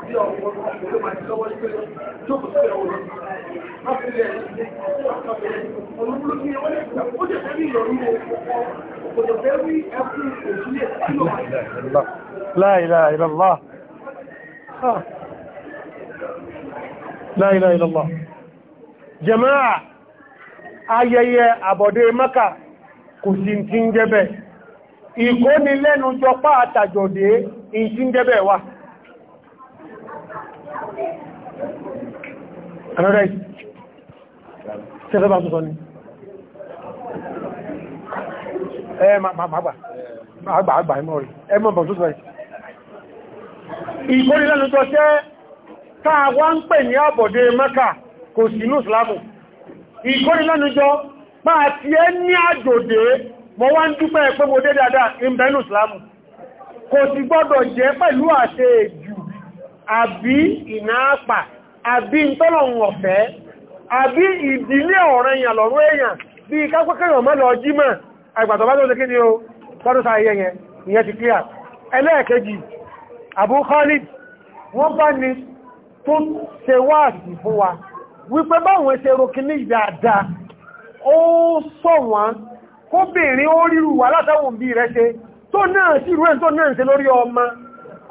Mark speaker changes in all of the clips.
Speaker 1: bí ọ̀pọ̀ ló máa ti lọ́wọ́ pé jókòó sí ìyàwó rẹ̀. Má fi lẹ̀
Speaker 2: ọ̀lúkúlú kí wọ́n lè gbà ó jẹ́ fẹ́ ní ìyọ̀rú o.
Speaker 1: Kò fẹ́ rí ẹkún òṣìlẹ̀ kí ló máa La ilaha illallah. La ilaha illallah. Jama'a ayẹyẹ àbọ̀dé Mẹ́kà kò sí ti ń jẹ́bẹ̀. Ìkónilẹ́nu jọpá àtàjọ̀dé ìsí ń jẹ́bẹ̀ wa. Another is, ṣẹfẹ́ bá sọ́sọ́ ni. Ẹ ma ẹmọ́ rẹ̀, ẹmọ́ bọ̀ sọ́sọ́ rẹ̀. ṣẹ́ wá ń pè ní Mẹ́kà kò sí Ìsìlámù. jọ, ti ẹ́ ní àjòdé, mọ́ wá ń dúpẹ́ pé mo dé dáadáa, Ìsìlámù. Kò gbọ́dọ̀ jẹ́ pẹ̀lú àṣẹ ìjù àbí àbí tọ́lọ̀un ọ̀fẹ́ àbí ìdílé ọ̀rẹ́ èèyàn lọ́rọ̀ èèyàn bí i kápẹ́kẹ́yàn mọ́ lọ jímọ̀ àgbàtọ̀ bá tó ṣe ni o tọ́dún sáà yẹn ìyẹn ti clear ẹlẹ́ẹ̀kejì Abu Khalid wọ́n bá ní tó ṣe wáàsì fún wa wípé báwọn ṣe rokiní dáadáa ó sọ wọn kóbìnrin ó ríru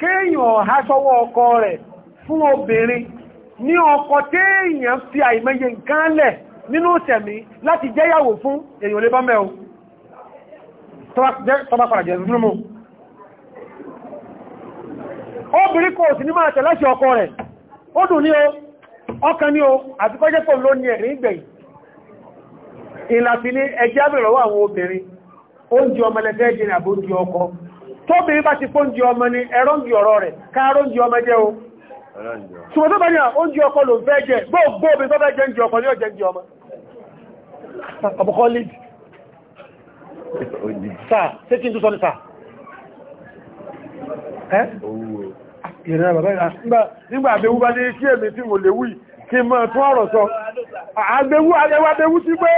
Speaker 1: kéèyàn ọ̀há sọ́wọ́ ọkọ rẹ̀ fún obìnrin ní ọkọ téèyàn fi àìmọye nǹkan lẹ̀ nínú ìṣẹ̀mí láti jẹ́yàwó fún èyàn lè bá o tọ́bá padà jẹ́ ìrúnmù obìnrin ọkọ dùn o ọkàn o ló ní ẹjẹ́ àwọn obìnrin oúnjẹ ọmọlẹ́fẹ́ jẹ́ àbójú tóbìnrin bá ti fóúnjẹ ọmọ ni ẹ̀rọ́njì ọ̀rọ̀ rẹ̀ káàrọ́njì ọmọ jẹ́ o ṣùgbọ́n tó bá ní oúnjẹ ọkọ ló fẹ́ jẹ gbogbo omi tó fẹ́ jẹ ń jẹ ọkọ ní ọjẹ́ kí sọ tún ọ̀rọ̀ sọ àgbẹ̀wú àgbẹ̀wú sí pé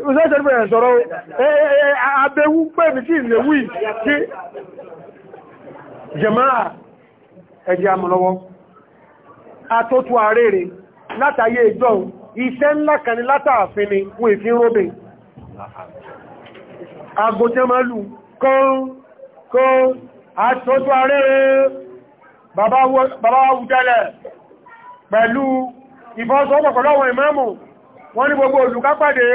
Speaker 1: ìrúsẹ́sẹ̀ bẹ̀rẹ̀ sọ̀rọ̀ abẹ́wú pẹ̀mí tí ìlẹ̀wú tí jẹmáà ẹjẹ́ amọ̀lọ́wọ́ atótú àrẹ́rẹ́ látàyé ìjọ iṣẹ́ ńlá kan ní látàfin ni wọ́n èfin róbe agbójẹ́málù kán kán atótú àrẹ́rẹ́ bàbá wùjẹ́lẹ̀ pẹ̀lú ìbọ́sọ́pọ̀ pẹ̀lú àwọn ìmáàmù wọ́n ní gbogbo olùkápàdé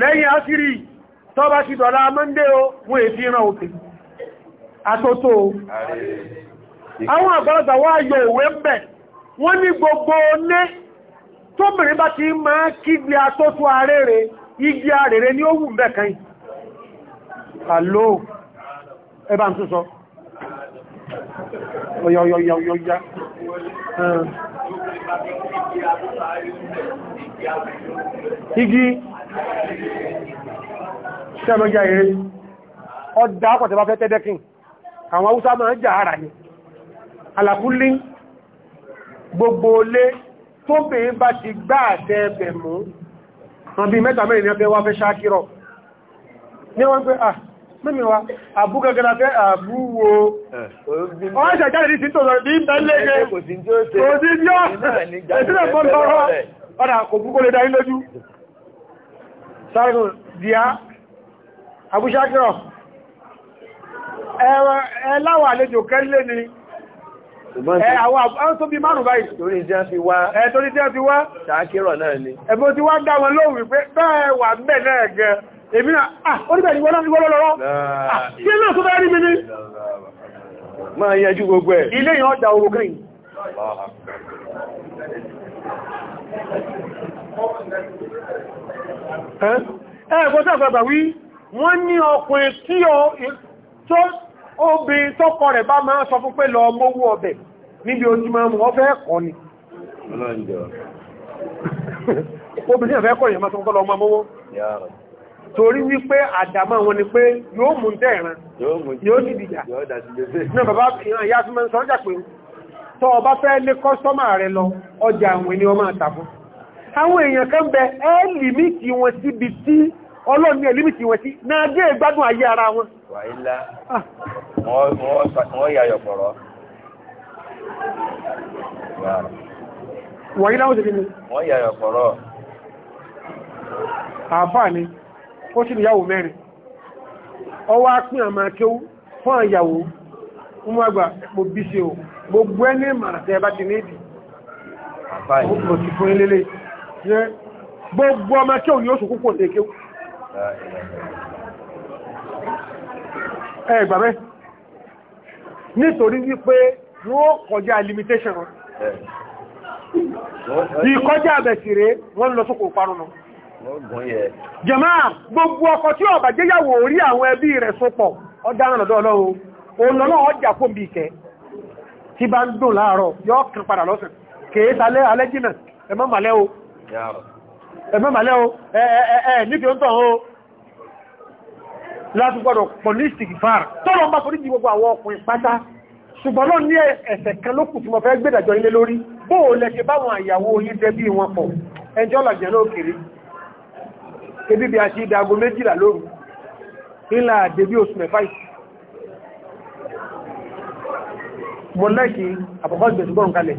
Speaker 1: lẹ́yìn àṣírí tó bá ṣì dọ̀lá mọ́ndé o mú èfí ìran òkè àtótó àwọn àgbàlagbà wá yọ òwe ń bẹ̀ wọ́n ní gbogbo oné tó mìírí bá ti máa kígbe àtótó arére igi arére ní ó wù ń bẹ̀ kan àlò ẹbà ń
Speaker 2: igi ṣẹ́mọ́
Speaker 1: jẹ́ eré ọdá pọ̀tẹ̀ bá fẹ́ tẹ́dẹ́kìn àwọn haúsá máa ń jà ara ní alàkúlé gbogbo olé tó bèé bá ti gbá àtẹ́ ẹbẹ̀ mú wọn bí mẹ́ta mẹ́rin ní ọbẹ̀ wá fẹ́ ṣákírọ̀ ní wọ́n pé ah mímí wa àbú gẹ́gẹ́ra fẹ́ àbú wo ọ́n ṣe jáde ní sí tòrò bí bẹ́lẹ́gẹ́ kò sí tí ó ṣe sáàrùn díá abúṣákírọ̀ ẹ̀láwà àlejò kẹ́lẹ̀ ni àwọn tó bí márùn báyìí torí jẹ́ fi wá ṣàkírọ̀ náà ni ẹ̀bọ́n wá dá wọn lóhùn wípé bẹ́ẹ̀ wà bẹ́ẹ̀ náà gẹn èmi náà ah oníbẹ̀ ìwọ́n náà ìwọ́n lọ́rọ́ kí náà tó bẹ́ẹ̀ rí mi ní máa yẹjú gbogbo ẹ̀ ilé yàn ọjà orogun ẹ̀kọ́ sàgbàgbà wí wọ́n ní ọkùnrin tí obìnrin tọ́kọ rẹ̀ bá máa sọ fún pé lọ mówó ọbẹ̀ níbi ojúmọ́ mú ọfẹ́ ẹ̀kọ́ ni obìnrin ẹ̀fẹ́ ẹ̀kọ́ ìyẹ̀mọ́ tó kọ́ lọ mówó torí wípé àdàmà wọn ni pé yóò mú tẹ́ẹ̀rán yóò sì dìjà náà bàbá ìyá tó mẹ́ sọ́jà pé tọ́ ọba fẹ́ lé kọ́sọ́mà rẹ̀ lọ ọjà àwọn ènìyàn máa tàbí àwọn èèyàn kan bẹ ẹ́ lìmítì wọn síbi tí ọlọ́run ní ẹ̀lìmítì wọn sí náà dé ìgbádùn ayé ara wọn wàílá ah.
Speaker 2: wọ́n yà yọ̀pọ̀rọ̀
Speaker 1: wàílá wọ́n tẹ́lẹ̀
Speaker 2: wọ́n yà yọ̀pọ̀rọ̀
Speaker 1: àbá ni ó sì níyàwó mẹ́rin ọwọ́ apín àmà kéwú fún àyàwó mú àgbà mo bí ṣe o gbogbo ẹni màrà tẹ́ bá ti ní ìdí mo ti fún ilé lẹ́yìn gbogbo ọmọ kí òun yóò sùn púpọ̀ lè kéwù ẹgbà nítorí wípé wọ́n kọjá limitation wọn ìkọjá àbẹ̀sìrẹ́ wọ́n lọ sókò parun nù jẹ̀má gbogbo ọkọ tí ọ̀bà jẹ́yàwó orí àwọn ẹbí rẹ̀ sópọ̀ ọdáran lọ́dọ́ ọlọ́run
Speaker 2: ẹ̀mẹ́
Speaker 1: màlẹ́ o ẹ̀ẹ̀ níbi ó ń tàn ó láti gbọ́dọ̀ pọ̀lístik fàr tọ́lọ bá forí jí gbogbo àwọn ọkùnrin pátá ṣùgbọ́n náà ní ẹ̀ṣẹ̀ kan ló kù tí mo fẹ́ gbẹ́dàjọ ilé lórí bó o lẹ́ṣe báwọn àyàwó yí dẹbí wọn pọ̀ ẹjọ́ làjẹ́ náà kéré ebí bí a ṣe ìdágo méjìlá lóru nílà débí oṣù mẹ́fà mo lẹ́kì àpapọ̀ ìgbẹ̀sùgbọ́n kalẹ̀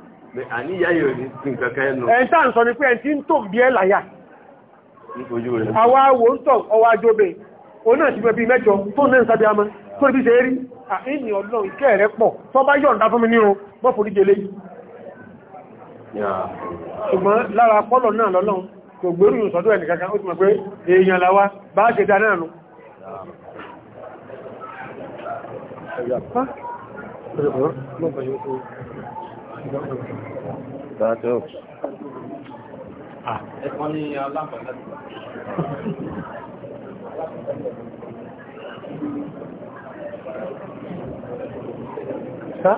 Speaker 2: àníyáyò ní nǹkankan ẹnu. ẹ̀ ń
Speaker 1: tà ń sọ ni pé ẹ̀ ti ń tò bí ẹ̀ láyà. àwa wo ń tọ̀ ọwọ́ ajóbe òun náà ṣùgbọ́n bíi mẹ́jọ tó náà ń sábẹ́ amọ́ tó ibi ṣe rí àìní ọlọ́run ìkẹ́ rẹ̀ pọ̀ o mọ́ forí jẹ léyìí. ṣùgbọ́n lára pọ́lọ̀ náà lọ́lọ́run kò gbérù ìsọ́dọ̀ ẹni kankan ó ti mọ̀ pé èèyàn làwa bá ṣe dá náà nù. Tàtọ́. Ẹ̀kọ́ ní alábàlá.
Speaker 2: Ṣá?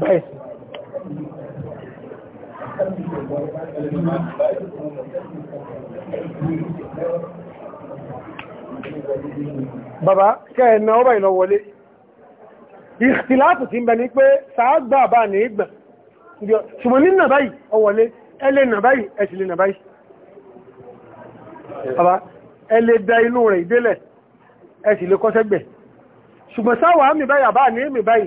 Speaker 2: Bẹ́ẹ̀
Speaker 1: bàbá kẹ́ẹ̀nà ọba ìlọ wọlé ìtìláàtù ti ń bẹ ní pé sàágbà bá ní ìgbà ṣùgbọ́n ní nàbáyì ọwọlé ẹlẹ́ nàbáyì ẹ̀ṣìlẹ̀ nàbáyì bàbá ẹlẹ́ da inú rẹ̀ ìdélẹ̀ ẹ̀ṣìlẹ̀ kọ́sẹ́gbẹ̀ ṣùgbọ́n sáwà ámì báyìí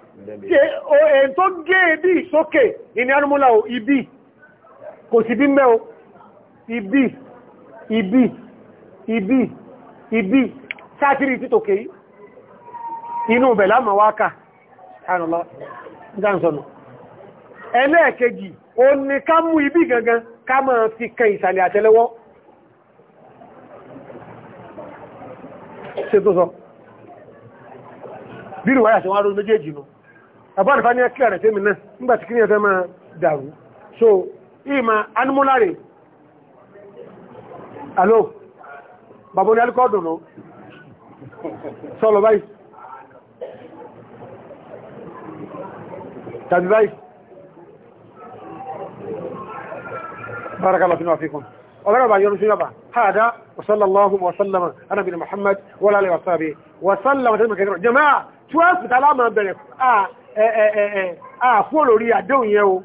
Speaker 1: èyí tó gé ibi sókè ìní anúmúlà ò ibi kò sí bí mẹ́ o ibi ibi ibi ibi sátírì títò kèé inú bẹ̀lá mọ̀ wákà àrùnlọ́ ìdánsọ̀nà ẹlẹ́ẹ̀kejì o ní ká mú ibi gangan ká máa fi kan ìsàlẹ̀ àtẹ́lẹwọ́ ṣe tó sọ bí ìrùwáyà sí wọ́n rú méjèèjì nù àbáàrífà ní ẹkẹ́ rẹ̀ tẹ́mi náà nígbàtí kí ní ẹfẹ́ máa dàrú so ìmọ̀ anúmúláre alo bàbá ní alukọ́ dùnú sọ́lọ̀ báyìí tàbí báyìí bárakàlá fínú àfikún ọlọ́rọ̀bà yọrù sí yọba hada wasallallahu wasallama anabin muhammad wala alaihi wasabi wasallama tẹ́lẹ̀ mẹ́kẹ́rọ jama'a 12 tàbí àmà bẹ̀rẹ̀ ah, àfú olórí àdéhùn yẹn o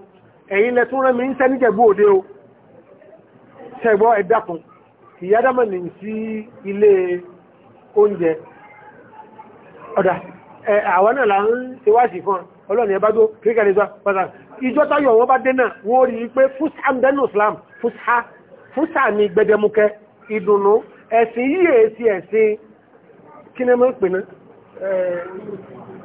Speaker 1: ẹ̀yin lẹ tún rẹ́mi ń tẹ́ níjẹ̀bú òde o ṣẹ̀gbọ́ ẹ̀dàkùn ìyádámọ̀ ní sí ilé oúnjẹ ọ̀dà àwọn náà là ń tewáṣì fún ọlọ́ni ẹbá tó kíríkẹ̀lẹ́ ìjọ pàtàkì ìjọ táyọ̀ wọn bá dénà wọ́n rí pé fúsà ń dẹ́nu Islam fúsà fúsà ní gbẹdẹmukẹ ìdùnnú ẹ̀sìn yíyẹ̀ sí ẹ̀sìn kí ni mọ́ pè náà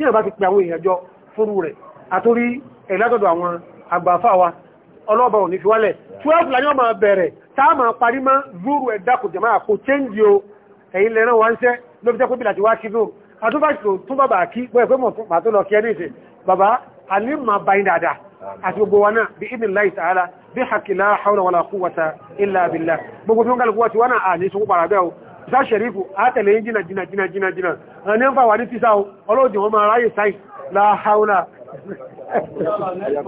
Speaker 1: tí ẹ̀bá ti pẹ àwọn èèyàn jọ fúrú rẹ̀ àtórí ẹ̀látọ̀dọ̀ àwọn àgbàfà wa ọlọ́ọ̀bà ò ní fi wálẹ̀ 12 láyọ́ máa bẹ̀rẹ̀ táà máa parí má zúrù ẹ̀dá kò jẹ̀má àkó chẹ́ǹjì o ẹ̀yìn lẹ́rán wá ń sẹ́ ló fi jẹ́ pé bí láti wá kíkó àtúbàṣò tún bàbá kí bọ́ ẹ̀fẹ́ mọ̀ tó lọ kí ẹni ìsìn bàbá alẹ́ máa bá yín dáadáa àti gbogbo wa náà o sá ṣẹ̀rífù átẹ̀lẹ̀ yìí jìnà jìnà jìnà jìnà jìnà ẹni ń fà wà ní tísà ọlọ́dún wọn máa sáì láháúlà